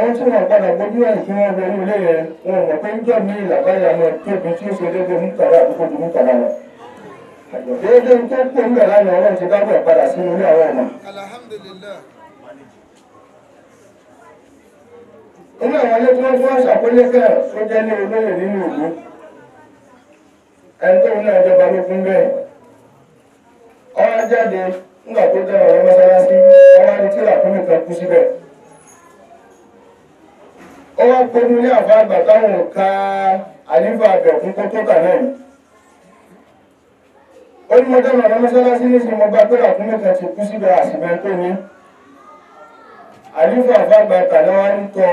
àwọn tí wọn padà gbójú ẹ̀ tí wọ́n wọlé ilé yẹn wọn ò mọ̀ pé ń jọ ní ìlàbáyà náà tóbi tí ó ṣe déédéé mú kàrá àdúgbò mú kàrá lọ. déédéé tó kó ń bẹ̀ lánàá ọlọ́run ti dábọ̀ padà sínú ilé àwọn ọmọ. inú àwọn ilé tí wọ́n fún àṣàkólé kẹ́ tó jẹ́ ní olóyè nínú ìlú ẹni tó náà jọba ló fún bẹ́ẹ̀ ọ̀rọ̀ jáde ńgbà tó jẹ́ ọ̀rọ̀ mọ́sálásí ọ̀rọ̀ adití làkúnmí kan kú síbẹ̀ ó wá kónú ilé àbá àgbà táwọn ka àlífà àbẹ̀kún kó tó kà náà yìí. ó ní mọ́tò màmá mọ́sálásí ní sinmi ọba pé àkúnmí kan ti kú síbi àṣìbẹ́ tó ní. àlífà àbá àgbà tàlẹ́ wá ń tọ̀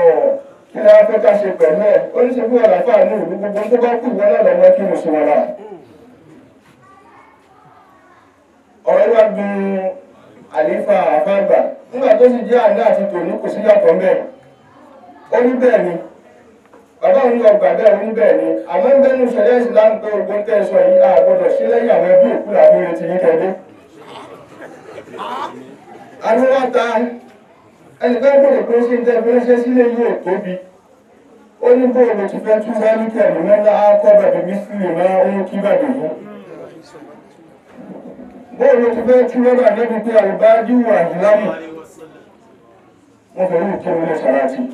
kí ni wọ́n fẹ́ ká ṣe pẹ̀lú ẹ̀ ó ní sẹ́kù àlàfà ní ìlú gbogbo tó bá kú ìwọ náà lọ́wọ́ kí mo sùn wọn la. ọ̀rọ̀ wá dùn àlífà àbá àgbà nígbà tó sì jẹ́ àná àti tòní kò sí yàtọ̀ mẹ́rin ó ní bẹ́ẹ̀ ni bàbá òun lọ gbà bẹ́ẹ̀ ní bẹ́ẹ̀ ni àmọ́ ń bẹ́nu ṣẹlẹ̀ ìsìlámù pé ogun tẹ́ sọ yìí a gbọ́dọ̀ sí lẹ́yìn àwọn ẹbí òkú làwọn retí yín kẹ́lé. àríwá ta ẹnìkan gbọ́dọ̀ pé ṣé ń tẹ́ fi ránṣẹ́ sílé yìí ò tóbi ó ní bó omi ti fẹ́ tún bá ní kẹ̀lú mẹ́ta á kọ́ bàbá mi sí lè máa ń kí bàbá yìí. bó omi ti fẹ́ tún bá bàbá mi pé àrùbá díwọ̀ àdìlámù wọn fẹ́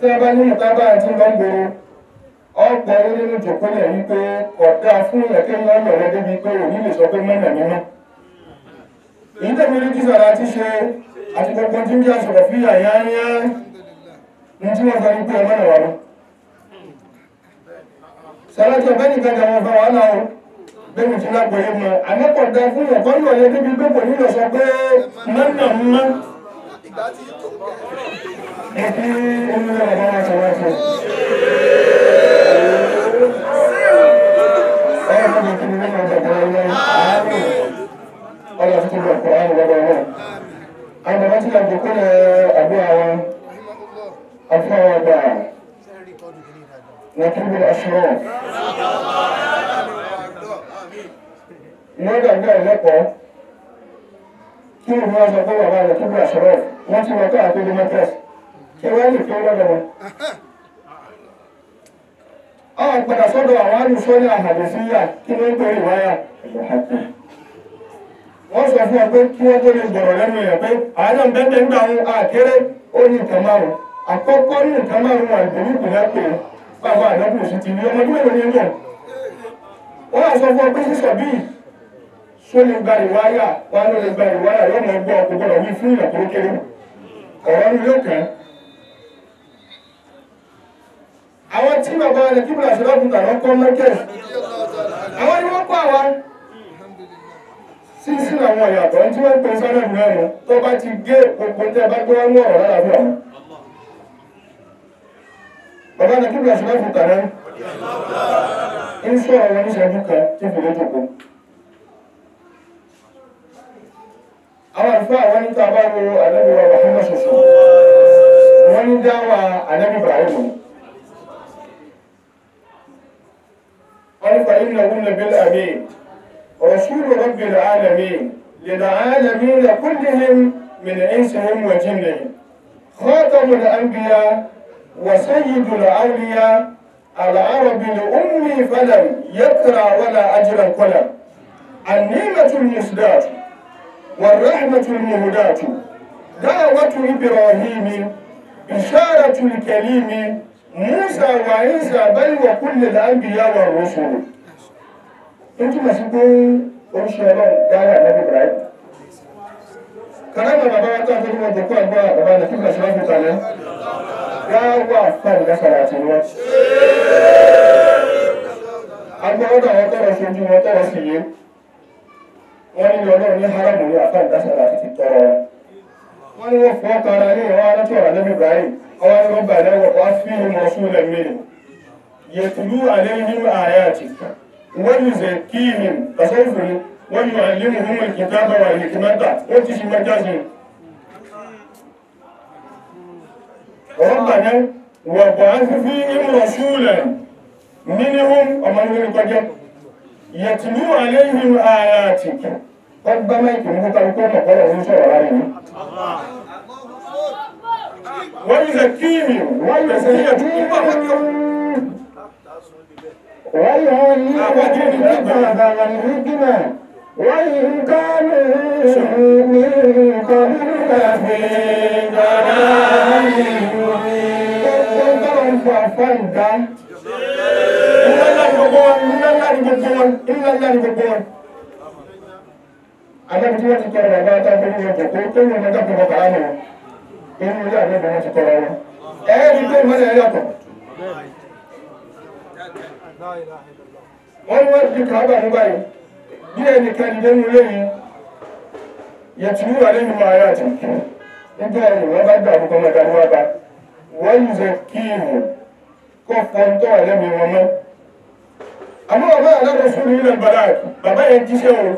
tí a bá ní ìkábá àti lọ́gbọ̀ọ́ ọgbà orí nínú ìjòkólẹ̀ pé ọ̀dà fún ẹ̀kẹ́yìn ọ̀nà débi pé òní lè sọ pé mọ́nà nínú. èyí tẹ̀mí ní kíso àrà ti ṣe àti gbogbo tí ń àṣọ̀rọ̀ ń yá ní tí wọ́n sọ ní pé wà lọ. ọ̀bẹ́ nìkan wọn ìgbà tí ìjọ bẹ́ẹ̀. ẹ kí olú ọ̀gá wa sọ̀rọ̀ fún ọ. ẹ kí ni kí ni wọn bọ̀ bọ̀ ọ̀rọ̀ ààrùn ọ̀rọ̀ fún bọ̀ bọ̀ ààrùn lọ́wọ́ ọ̀rọ̀. àwọn bàbá tí òun náà sọ pé bàbá rẹ̀ kíkọ́ àṣọrọ̀ wọ́n ti wọ́n káàkiri democracy ṣé wọ́n lè tó lọ́dọ̀ wọn. àwọn habis ia. àwọn alùsọ ní àhàdùsíyà kí ló ń pè é wáyà ni sọ fún ọ pé kí wọ́n tó lè gbọ̀rọ̀ lẹ́nu èèyàn pé àádọ́ bẹ́ẹ̀ ń gbà wọn àkéré ó ní nǹkan mana ún àkọ́kọ́ ní nǹkan márùn-ún ṣé ló gba ìwáyà wà ló lè gba ìwáyà yóò mọ gbọ́ kò gbọ́dọ̀ wí fún ìyàn tó kéré ọ̀rọ̀ ni yóò kàn. àwọn tí bàbá rẹ̀ kí bùrọ̀ àṣírọ́ fún tàbí ọkọ mẹ́kẹ́s àwọn ni wọ́n kọ́ àwa sísí àwọn ìyàtọ̀ tí wọ́n pè sọ́nà mẹ́rin tó bá ti gé òpó tẹ́ bá gbé wọn ní ọ̀rọ̀ lára fún àwọn. bàbá rẹ̀ kí bùrọ̀ àṣírọ́ fún tàbí ń sọ̀rọ̀ wọn ní ìṣẹ́jú àwọn àfúrà wọn níta bá wo ànábì wa Muhammad ṣoṣo wọn ní dáwà ànábì Ibrahim wọn ní fàyín náà wọn nàbí àmì rasulu rabbil alamin lil alamin kullihim min insihim wa jinnihim خاتم الأنبياء وسيد الأولياء العرب الأمي فلم يكرى ولا أجر قلم النعمة المسداة والرحمة المهداة دعوة إبراهيم إشارة الكليم موسى وعيسى بل وكل الأنبياء والرسل أنتم مسكون أرشلون دعوة النبي إبراهيم karama baba wa ta fi wọn dùkú àgbà baba rẹ fún ìgbàsíwá fún kalẹ̀ wá wà fún ìgbàsára àti wọn. agbọ́dọ̀ àwọn tọrọ ṣojú wọn tọrọ sí yìí wọ́n ní ọlọ́run ní haram ní àfa ìdásàdà àti ti tọrọ wọ́n ní wọ́n fọ́ kára ní ìwọ́n arántí ọ̀rọ̀ níbi Ibrahim ọwọ́ ní wọ́n bàdé wọ̀ wá fi ìmọ̀ sún lẹ̀ mí yẹtùlú àléhìn àyàtì wọ́n yìí zẹ̀ kí ìhìn tasọ́fù ni wọ́n yìí wọ́n lému fún mi kìtà bá wà hìkìmẹ́ta ó ti fi mẹ́ta sí i. ọ̀rọ̀ bàdé wọ̀ wá fi ìmọ̀ sún lẹ̀ mí ni ọmọ yatlu alaihim ayatik rabbama ikumbuka alikuwa makola uso wa walimu wayuzakihim wayuzakihim ويعلمهم بعض الحكمة وإن كانوا من قبل لفي ضلال مبين. அனுபவிப்போம் திருவள்ளி அனுபவிப்போம் அந்த வித்தியாசத்தை நல்லா தெரிஞ்சு கூட்டம் என்னதான் போக காரணம் என்னுடைய அதே மனசு போறாங்க ஏ வித்தியம் மேலே ஏதாக்கும் ஒருவர் காபா ரூபாய் gidan da kan gidan wurin ya ci wa ne ma ya ci in ta yi wa ba da kuma da ruwa ba wani zakihu ko fonto ne mai mamman àmọ́ ọba àlọ́dọ̀ fún mi náà bàrà bàbá yẹn jíṣẹ́ o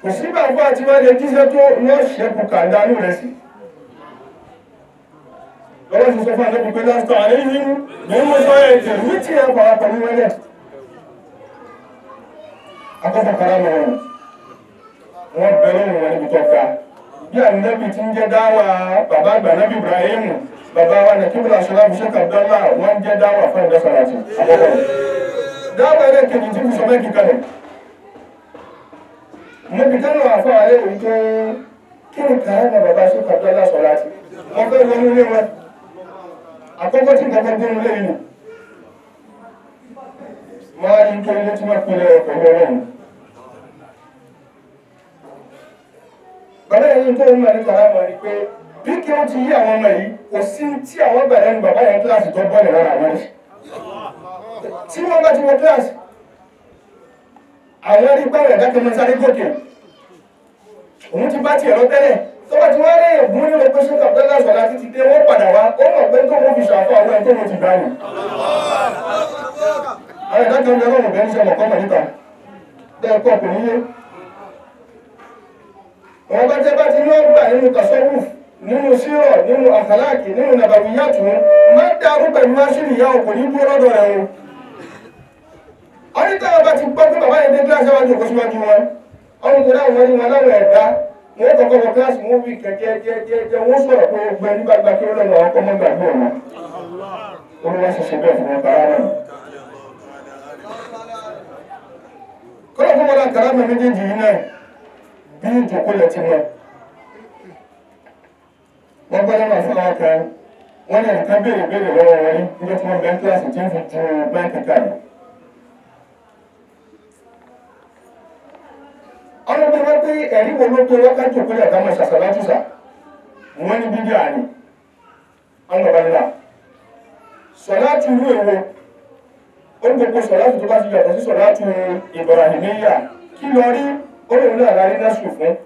kò sí bàbá àti wọ́n lè jíṣẹ́ tó yóò ṣẹ́kù kàdánù rẹ̀ sí lọ́wọ́ ti sọ fún àlọ́kùn pé lásìkò àlẹ́ yìí ní mo sọ ẹ̀ jẹ̀ ní tí ẹ̀ pàrà pẹ̀lú wọn lẹ̀ akọ́kọ̀ kára mọ̀ wọn bẹ̀rẹ̀ wọn níbi tó ga bí ànábì ti ń jẹ́ dáwà bàbá àgbà nábì Ibrahim bàbá wa ní kíbla sọláàbù Sheikh Abdallah wọ́n ń jẹ́ dáwà fún ẹ̀dá sọ̀ràtì àkọ́kọ́ dáwà rẹ̀ kejì tí kò sọ mẹ́kì kalẹ̀ níbi tẹ́lẹ̀ wà fún ààrẹ yìí pé kí ni kàá na bàbá Sheikh Abdallah sọ̀ràtì wọ́n fẹ́ wọnú ilé wọn àkọ́kọ́ tí nǹkan kan gbóhùn lẹ́yìn wọ́n á ní nítorí létí wọn pinnu ọkọ̀ ọlọ́run bàbá yẹn tó ń mẹ́rin tàrà mọ̀ ni pé bí kí wọ́n ti yí àwọn ọmọ yìí kò sí tí àwọn bẹ̀rẹ̀ ní bàbá yẹn kíláàsì tó bọ́ọ̀lù rárá wọn rí tí wọ́n bá ti wọ kíláàsì àwọn rí bẹ̀rẹ̀ dákẹ́ mọ́ sáré gòkè òun ti bá tiẹ̀ lọ tẹ́lẹ̀ tó bá ti wá rí ègún ní location of dollars ọ̀la títí dé wọ́n padà wá ó mọ̀ pé tó wọ́n fi ṣàfọ́ àwọn ẹni tó ti dáhùn àwọn ìdájọ́ ń bẹ lọ́rùn bẹ́ẹ̀ ń ṣe ọmọ kọ́ níta bẹ́ẹ̀ kọ́ ọ̀pọ̀ níyé àwọn bá jẹ́ bá ti ní ọgbà nínú tasawuf nínú sírọ̀ nínú àkàlákì nínú nàbàwíyàtù má dàrú pẹ̀lú máṣínì ìyá òkò ní dúró lọ́dọ̀ rẹ̀ o. ọ́nítà bá ti gbọ́ pé bàbá yẹn dé kíláàsì wájú òkú síwájú wọn ọ̀run tó dáhùn wọlé wọn láwọn ẹ̀dá wọn kọ́kọ́ wọ kíláàsì wọn wí kẹ̀kẹ́ jẹ́jẹ́jẹ́ wọn sọ̀rọ̀ pé ó gbẹ nígbà gbà kí ó lọ́nà ọkọ̀ mọ́ gbàgbọ́ wọn. wọn bàrá náà ní ìjákulẹ̀ e ti mọ̀. wọ́n gbọ́dọ̀ máa fún wọn kan wọ́n ní nǹkan béèrè béèrè lọ́wọ́ wọn ní ilé tí wọ́n bẹ ń kíláàsì tí ń fi ju báńkì káàdì. ọ̀rọ̀ tó wọ́n pé ẹ̀rí wo ló tó wákàtí òkúlẹ̀ ká mọ̀ ṣàṣàlátùsà wọ́n ní bíbí àní ọ̀nà balùwà sọ̀láàtù ìlú èwo ó gbogbo sọ̀láàtù tó bá ti yàtọ̀ sí sọ̀láàtù Ibrahimiyya kí lọ rí قولوا لا لا لنا سوفا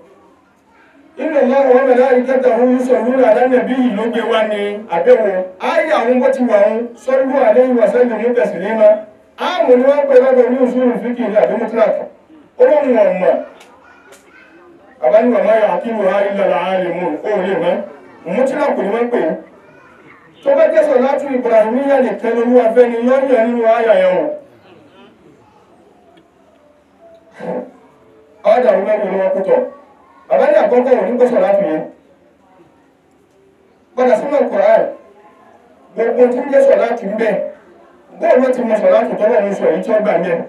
إن الله وملائكته يصلون على النبي lóge wá ni àbẹ̀wò ayé àwọn ní ni wọ́n pè lọ́dọ̀ ní òṣùlù fíkì ní àdémọ́tìláàtì olóhùn ọ̀mà àbáníwàmá yà kí wọ́n á ilẹ̀ láàárín mú òun lè mọ́ mọ́tìláàkù ni wọ́n pè tó bá jẹ́sọ̀ láti Ibrahim yẹn lè tẹnu olúwa ni nínú ayà yẹn ọ̀dà òun lọ́wọ́ wọn kútọ̀ bàbá ní àkọ́kọ́ òun gbé láti yẹn padà sínú Kùránì gbogbo tí ń jẹ́ láti ń bẹ̀ bóòlù ti mọ sọ̀rọ̀ láti tọ́lọ́ òun sọ èyí tí ó gbà yẹn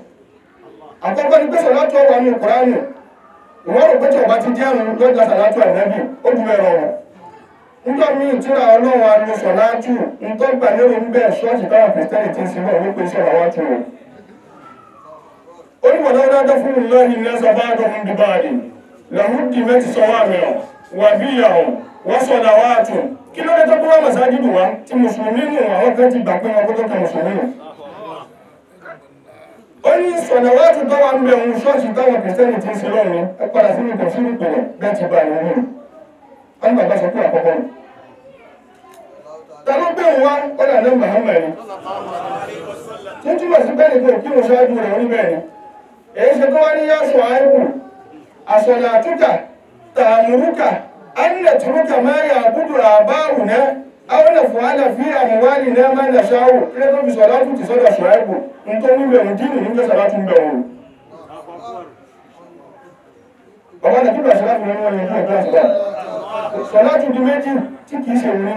àkọ́kọ́ ní gbé láti ọwọ́ nínú Kùránì ìwọ́n rò pé tí ọba ti jẹ́ àrùn lọ́jà sọ̀rọ̀ láti ànábì ó dùn ẹ̀rọ wọn nígbà míì tíra ọlọ́run alùsọ̀láàtù nǹkan gbà lórí ń bẹ́ẹ̀ ṣọ́ọ̀ṣì táwọn kìrìtẹ́nì ti ń sinmi òun pèsè ọ̀rọ̀ wájú rẹ̀ ولولا دفع الله الناس بعضهم ببعض لهدمت صوامع وبيع وصلوات kí ló dé tó kúrò mọ̀sáájú wa tí mùsùlùmí nù àwọn kan ti gbà pé wọn kótó kan mùsùlùmí nù. ó ní sọ̀nàwátì tó wà ń bẹ̀ ń ṣọ́ọ̀ṣì táwọn kìrìsìtẹ́nì ti ń ṣe lọ́rùn ẹ padà sínú ìtàn sínú ìpìlẹ̀ bẹ́ẹ̀ ti bá a nìyí. wọ́n gbàgbọ́ sọ pé àkọ́kọ́ nù. tàbí pé òun wá ọ̀dà ní Muhammad ni. títí wọ̀ sí bẹ́ẹ̀ ni kò kí òun ṣáájú rẹ̀ orí bẹ́ẹ̀ ni èyí ṣe kọ́ ní yáṣọ àìbù àṣọlá àtúkà tààmùrúkà ánìlẹ̀ túrúkà máa yà gbúdù àbáàrù a àwọn ẹ̀fọ́ àlẹ́ fi àmúwálì náà máa ń lẹ̀ṣẹ̀ àwò kílẹ̀ tó fi sọ̀rọ̀ àtúntì sọ́dọ̀ ṣùáìbù nǹkan níbẹ̀ ń dínú nígbà sọ̀rọ̀ tún bẹ̀ wò. ọba ní kí bàṣẹ́ láti wọ́n yẹn fún ìgbà sọ̀rọ̀ tún di méjì tí kìí ṣe òun ní.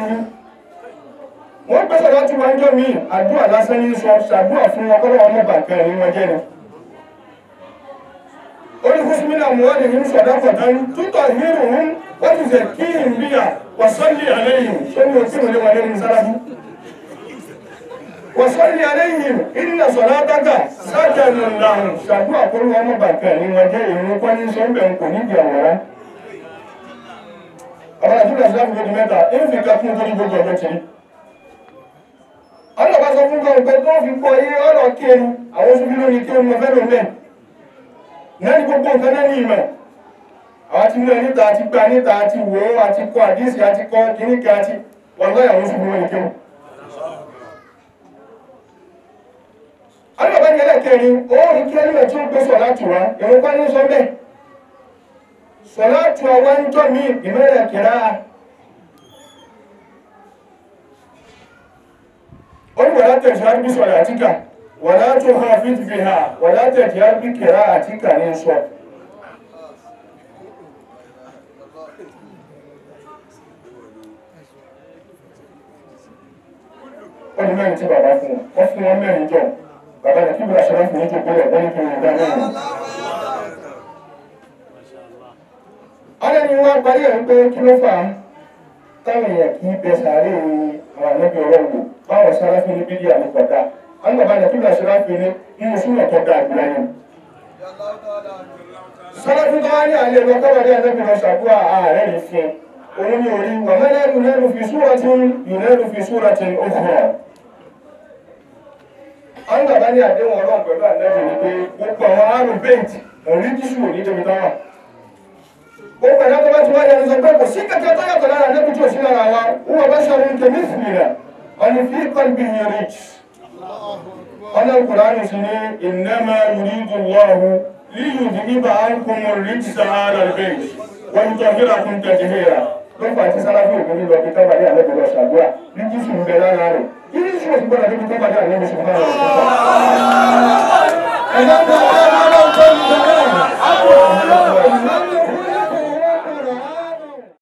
wọ́n gbé sọ̀rọ̀ tún wájú mi àdúrà lásán ní sọ ṣàdúrà fún ọgọ́rọ̀ ọmọ bàkẹ́rẹ̀ ní wọ́n jẹ́ ni. أموالهم صدقة تطهرهم وتزكيهم بها وصل عليهم شنو يكتب لي سلام وصل عليهم إن صلاتك سكن لهم شكوى كل يوم بكاني وجاي وكان يسوم بأنكم يجاورا àwọn àdúrà ìsìláàmù gbogbo mẹ́ta èyí fi náà ní gbogbo nǹkan náà ní ìmọ̀ àwọn ti mú ẹ níta àti gba níta àti wò ó àti kọ àdísì àti kọ kíníkì àti wọ́n lọ́yà wọ́n sì fún wọn ìkéwù. alábàbá kẹlẹ̀ kẹrin ó rí kí ẹni tí ó gbé sọ̀lá tù wá ìrún pa ní sọ bẹ́ẹ̀ sọ̀lá tù àwa ń jọ mí ìmẹ́rẹ̀ kẹrà ó ní bí sọ̀lá àtìkà wọ̀lá tó ha fìtìfì ha wọ̀lá tẹ̀tì á bí kẹ̀rá àti kàní sọ. wọ́n ti mẹ́rin tí bàbá fún wọn wọ́n fún wọn mẹ́rin jọ bàbá rẹ̀ kí bí aṣọ wọn kò ní jòkó rẹ̀ wọ́n ní kí wọ́n dá mẹ́rin. ọlọ́ni wọn parí ẹ̀ ń pé kí ló fà á táwọn èèyàn kì í bẹ sàárè àwọn àlejò ọlọ́run báwọn sára fún ní bídíà ní kọ̀ọ̀kan an gaba da tuga shi rafi ne in su ne ta ga biya sọ́dọ̀tún tó wá ní àlè lọ kọ́bọ̀dé ẹ̀dẹ́gbẹ̀rẹ̀ a ààrẹ yìí fi orí ní orí wàmẹ́lẹ́ yùnẹ́rù fi súra tí yùnẹ́rù fi súra tí ó kọ̀ an gaba ní àdéhùn ọlọ́run pẹ̀lú àlẹ́jì ni pé gbogbo àwọn àrùn bẹ́ǹtì òrí tíṣù ní débi táwà ó pẹ̀lú tó bá ti wáyé ẹni sọ pé kò sí kẹkẹ tó yàtọ̀ lára lẹ́bi tí ò sí lára wa ó wà bá ṣe ohun tèmi fìlà ọ̀nì fi kọ́ni bí yẹn rich ọlọ́run kùránì sí ní innama yuridu Allahu liyudhhiba ankum ar-rijsa ahla al-bayt wa yutahhirakum tathira ló fà tí sálábí òkun lílọ pé tábàdé àlẹ́bẹ̀ lọ ṣàdúrà ní jésù ń bẹ lára rẹ̀ kí ní jésù ti gbọ́dọ̀ débi tábàdé àlẹ́bẹ̀ ṣe máa rọ̀ ẹ̀dá tó ń bẹ lọ́wọ́ tó ń bẹ lọ́wọ́